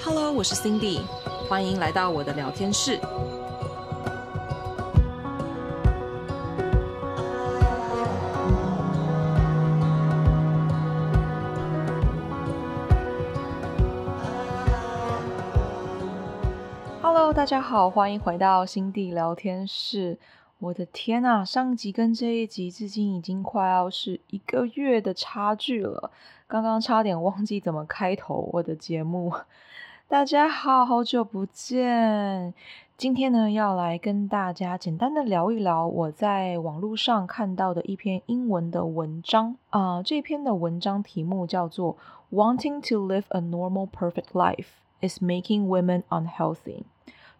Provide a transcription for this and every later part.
Hello，我是 Cindy，歡迎來到我的聊天室。Hello，大家好，歡迎回到心地聊天室。我的天吶、啊，上一集跟這一集至今已經快要是一個月的差距了。剛剛差點忘記怎麼開頭我的節目。大家好，好久不見。今天呢，要來跟大家簡單的聊一聊我在網絡上看到的一篇英文的文章啊，呃，這篇的文章題目叫做 “Wanting to live a normal perfect life is making women unhealthy”。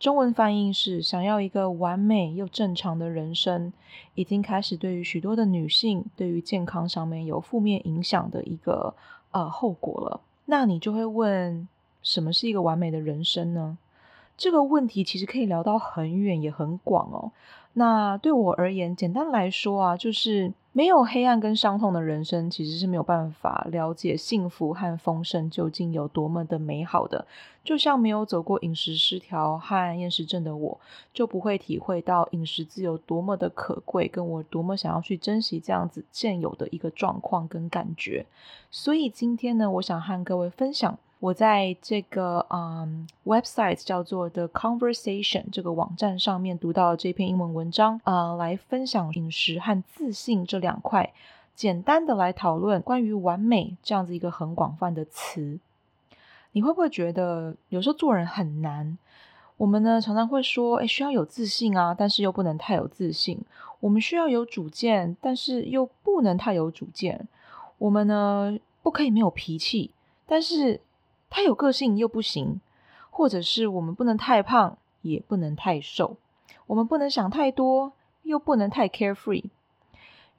中文翻譯是“想要一個完美又正常的人生，已經開始對於許多的女性對於健康上面有負面影響的一個呃後果了”。那你就會問，什麼是一個完美的人生呢？這個問題其實可以聊到很遠，也很廣哦。那對我而言，簡單來說啊，就是沒有黑暗跟傷痛的人生，其實是沒有辦法了解幸福和豐盛究竟有多麼的美好的。就像沒有走過飲食失調和厭食症的我，就不會體會到飲食自由多麼的可貴，跟我多麼想要去珍惜這樣子現有的一個狀況跟感覺。所以今天呢，我想和各位分享。我在這個嗯，um，website 叫做 The Conversation 這個網站上面讀到這篇英文文章，呃，來分享飲食和自信這兩塊，簡單的來討論關於完美這樣子一個很廣泛的詞。你會不會覺得有時候做人很難？我們呢常常會說，哎，需要有自信啊，但是又不能太有自信。我們需要有主見，但是又不能太有主見。我們呢不可以沒有脾氣，但是。太有個性又不行，或者是我們不能太胖，也不能太瘦，我們不能想太多，又不能太 carefree。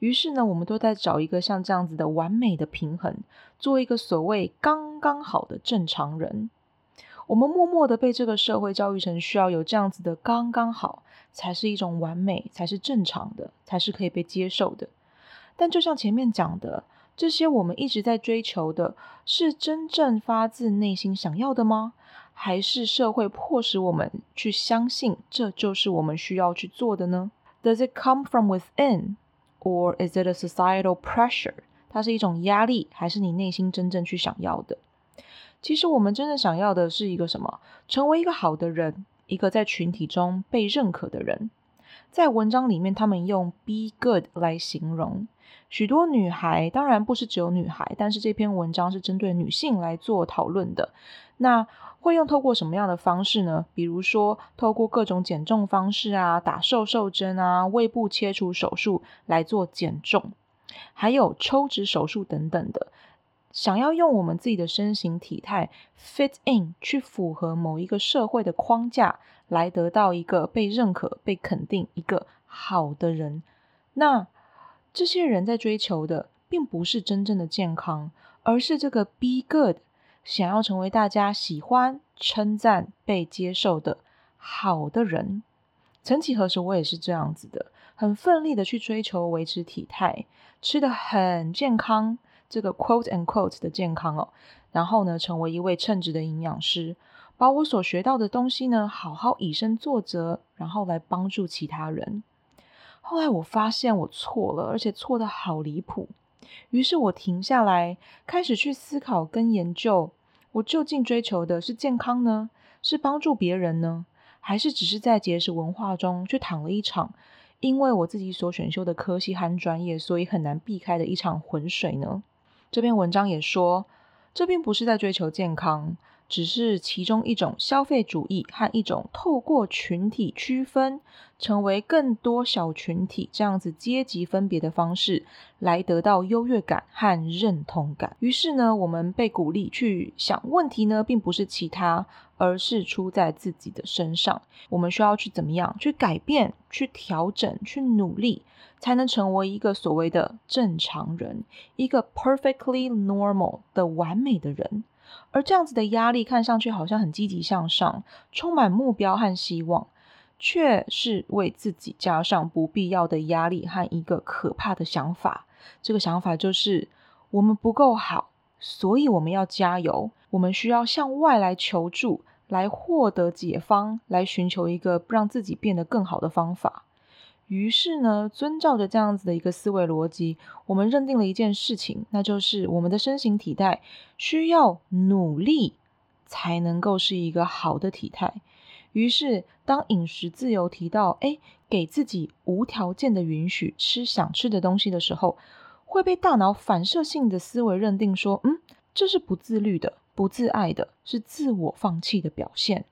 於是呢，我們都在找一個像這樣子的完美的平衡，做一個所謂剛剛好的正常人。我們默默的被這個社會教育成需要有這樣子的剛剛好，才是一種完美，才是正常的，才是可以被接受的。但就像前面講的。這些我們一直在追求的，是真正發自內心想要的嗎？還是社會迫使我們去相信這就是我們需要去做的呢？Does it come from within, or is it a societal pressure？它是一種壓力，還是你內心真正去想要的？其實我們真正想要的是一個什麼？成為一個好的人，一個在群體中被認可的人。在文章裡面，他們用 “be good” 來形容許多女孩。當然，不是只有女孩，但是這篇文章是針對女性來做討論的。那會用透過什麼樣的方式呢？比如說，透過各種減重方式啊，打瘦瘦針啊，胃部切除手術來做減重，還有抽脂手術等等的，想要用我們自己的身形體態 “fit in” 去符合某一個社會的框架。來得到一個被認可、被肯定、一個好的人。那這些人在追求的，並不是真正的健康，而是這個 “be good”，想要成為大家喜歡、稱讚、被接受的好的人。曾幾何時，我也是這樣子的，很奮力的去追求維持體態，吃得很健康，這個 “quote and quote” 的健康哦。然後呢，成為一位稱職的營養師。把我所學到的東西呢，好好以身作則，然後來幫助其他人。後來我發現我錯了，而且錯得好離譜。於是我停下來，開始去思考跟研究。我究竟追求的是健康呢，是幫助別人呢，還是只是在節食文化中去蹚了一場？因為我自己所選修的科系和專業，所以很難避開的一場渾水呢。這篇文章也說，這並不是在追求健康。只是其中一種消費主義和一種透過群體區分，成為更多小群體這樣子階級分別的方式來得到優越感和認同感。於是呢，我們被鼓勵去想，問題呢，並不是其他，而是出在自己的身上。我們需要去怎麼樣？去改變、去調整、去努力，才能成為一個所謂的正常人，一個 perfectly normal 的完美的人。而這樣子的壓力看上去好像很積極向上，充滿目標和希望，卻是為自己加上不必要的壓力和一個可怕的想法。這個想法就是我們不夠好，所以我們要加油，我們需要向外來求助，來獲得解方，來尋求一個讓自己變得更好的方法。於是呢，遵照着這樣子的一個思維邏輯，我們認定了一件事情，那就是我們的身形體態需要努力才能夠是一個好的體態。於是，當飲食自由提到，哎，給自己無條件的允許吃想吃的東西的時候，會被大腦反射性的思維認定說，嗯，這是不自律的、不自愛的，是自我放棄的表現。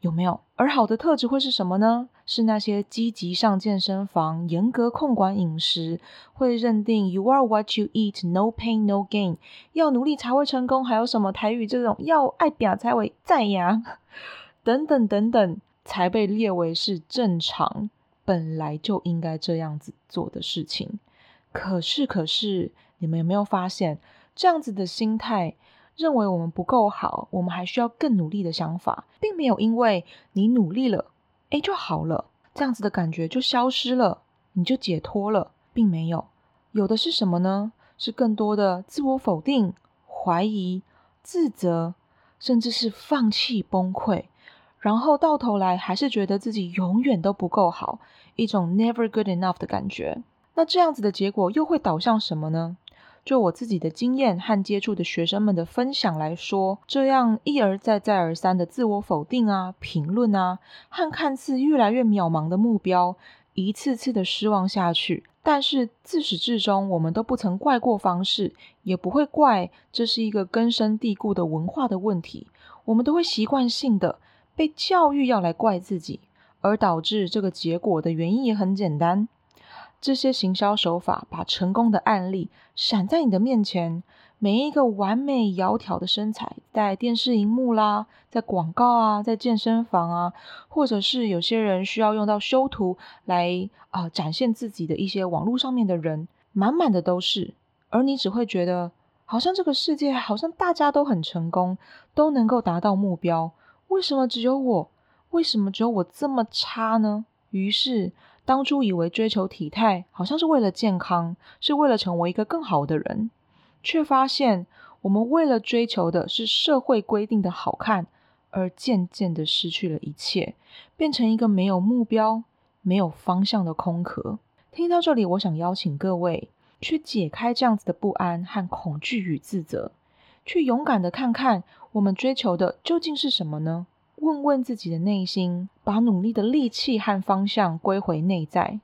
有沒有？而好的特質會是什麼呢？是那些積極上健身房、嚴格控管飲食，會認定 “you are what you eat, no pain, no gain”，要努力才會成功，還有什麼台語這種“要愛拼才會贏”等等等等，才被列為是正常，本來就應該這樣子做的事情。可是，可是，你們有沒有發現，這樣子的心態？認為我們不夠好，我們還需要更努力的想法，並沒有因為你努力了，誒，就好了，這樣子的感覺就消失了，你就解脫了，並沒有，有的是什麼呢？是更多的自我否定、懷疑、自責，甚至是放棄、崩潰，然後到頭來還是覺得自己永遠都不夠好，一種 never good enough 的感覺。那這樣子的結果又會導向什麼呢？就我自己的經驗和接觸的學生們的分享來說，這樣一而再再而三的自我否定啊、評論啊，和看似越來越渺茫的目標，一次次的失望下去，但是自始至終我們都不曾怪過方式，也不會怪這是一個根深蒂固的文化的問題，我們都會習慣性的被教育要來怪自己，而導致這個結果的原因也很簡單。這些行銷手法把成功的案例閃在你的面前，每一個完美窈窕的身材，在電視熒幕啦，在廣告啊，在健身房啊，或者是有些人需要用到修圖來啊、呃、展現自己的一些網絡上面的人，滿滿的都是。而你只會覺得，好像這個世界好像大家都很成功，都能夠達到目標，為什麼只有我？為什麼只有我這麼差呢？於是。當初以為追求體態好像是為了健康，是為了成為一個更好的人，卻發現我們為了追求的是社會規定的好看，而漸漸的失去了一切，變成一個沒有目標、沒有方向的空殼。聽到這裡，我想邀請各位去解開這樣子的不安和恐懼與自責，去勇敢的看看我們追求的究竟是什麼呢？問問自己的內心，把努力的力氣和方向歸回內在，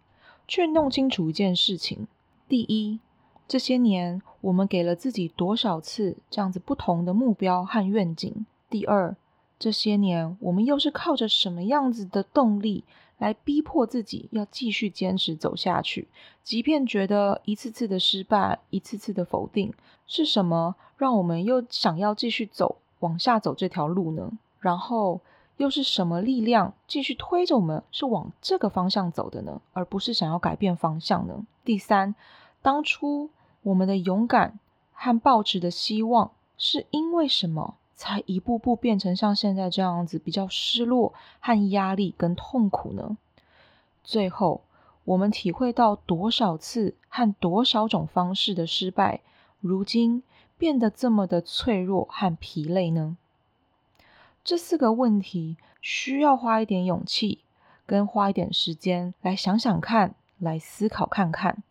去弄清楚一件事情：第一，這些年我們給了自己多少次這樣子不同的目標和願景？第二，這些年我們又是靠着什麼樣子的動力來逼迫自己要繼續堅持走下去？即便覺得一次次的失敗，一次次的否定，是什麼讓我們又想要繼續走，往下走這條路呢？然後又是什麼力量繼續推着我們是往這個方向走的呢？而不是想要改變方向呢？第三，當初我們的勇敢和抱持的希望是因為什麼才一步步變成像現在這樣子比較失落和壓力跟痛苦呢？最後，我們體會到多少次和多少種方式的失敗，如今變得這麼的脆弱和疲累呢？這四個問題需要花一點勇氣，跟花一點時間來想想看，來思考看看，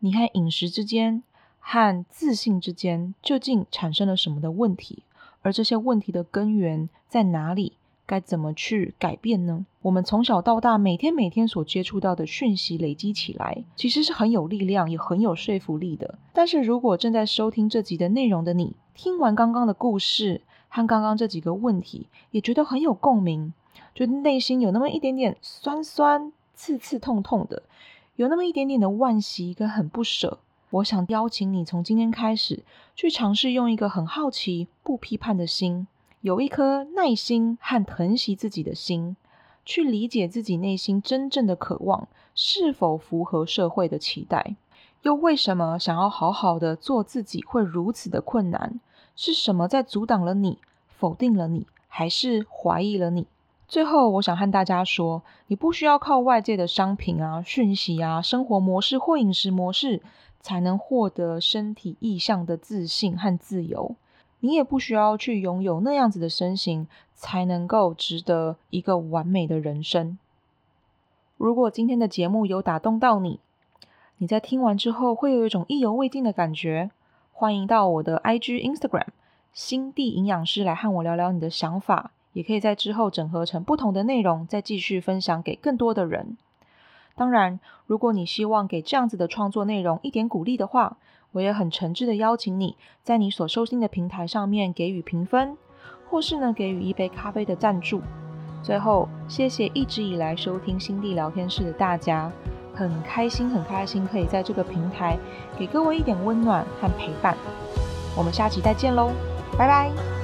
你和飲食之間、和自信之間究竟產生了什麼的問題？而這些問題的根源在哪裡？該怎麼去改變呢？我們從小到大，每天每天所接觸到的訊息累積起來，其實是很有力量，也很有說服力的。但是如果正在收聽這集的內容的你，聽完剛剛的故事，和剛剛這幾個問題也覺得很有共鳴，覺得內心有那麼一點點酸酸、刺刺、痛痛的，有那麼一點點的惋惜跟很不捨。我想邀請你從今天開始，去嘗試用一個很好奇、不批判的心，有一顆耐心和疼惜自己的心，去理解自己內心真正的渴望是否符合社會的期待，又為什麼想要好好的做自己會如此的困難。是什麼在阻擋了你、否定了你，還是懷疑了你？最後，我想和大家說，你不需要靠外界的商品啊、訊息啊、生活模式或飲食模式，才能獲得身體意象的自信和自由。你也不需要去擁有那樣子的身形，才能夠值得一個完美的人生。如果今天的節目有打動到你，你在聽完之後會有一種意猶未盡的感覺。歡迎到我的 IG Instagram，心地營養師來和我聊聊你的想法，也可以在之後整合成不同的內容，再繼續分享給更多的人。當然，如果你希望給這樣子的創作內容一點鼓勵的話，我也很誠摯的邀請你在你所收聽的平台上面給予評分，或是呢給予一杯咖啡的贊助。最後，謝謝一直以來收聽心地聊天室的大家。很開心，很開心，可以在這個平台給各位一點溫暖和陪伴。我們下期再見嘍，拜拜。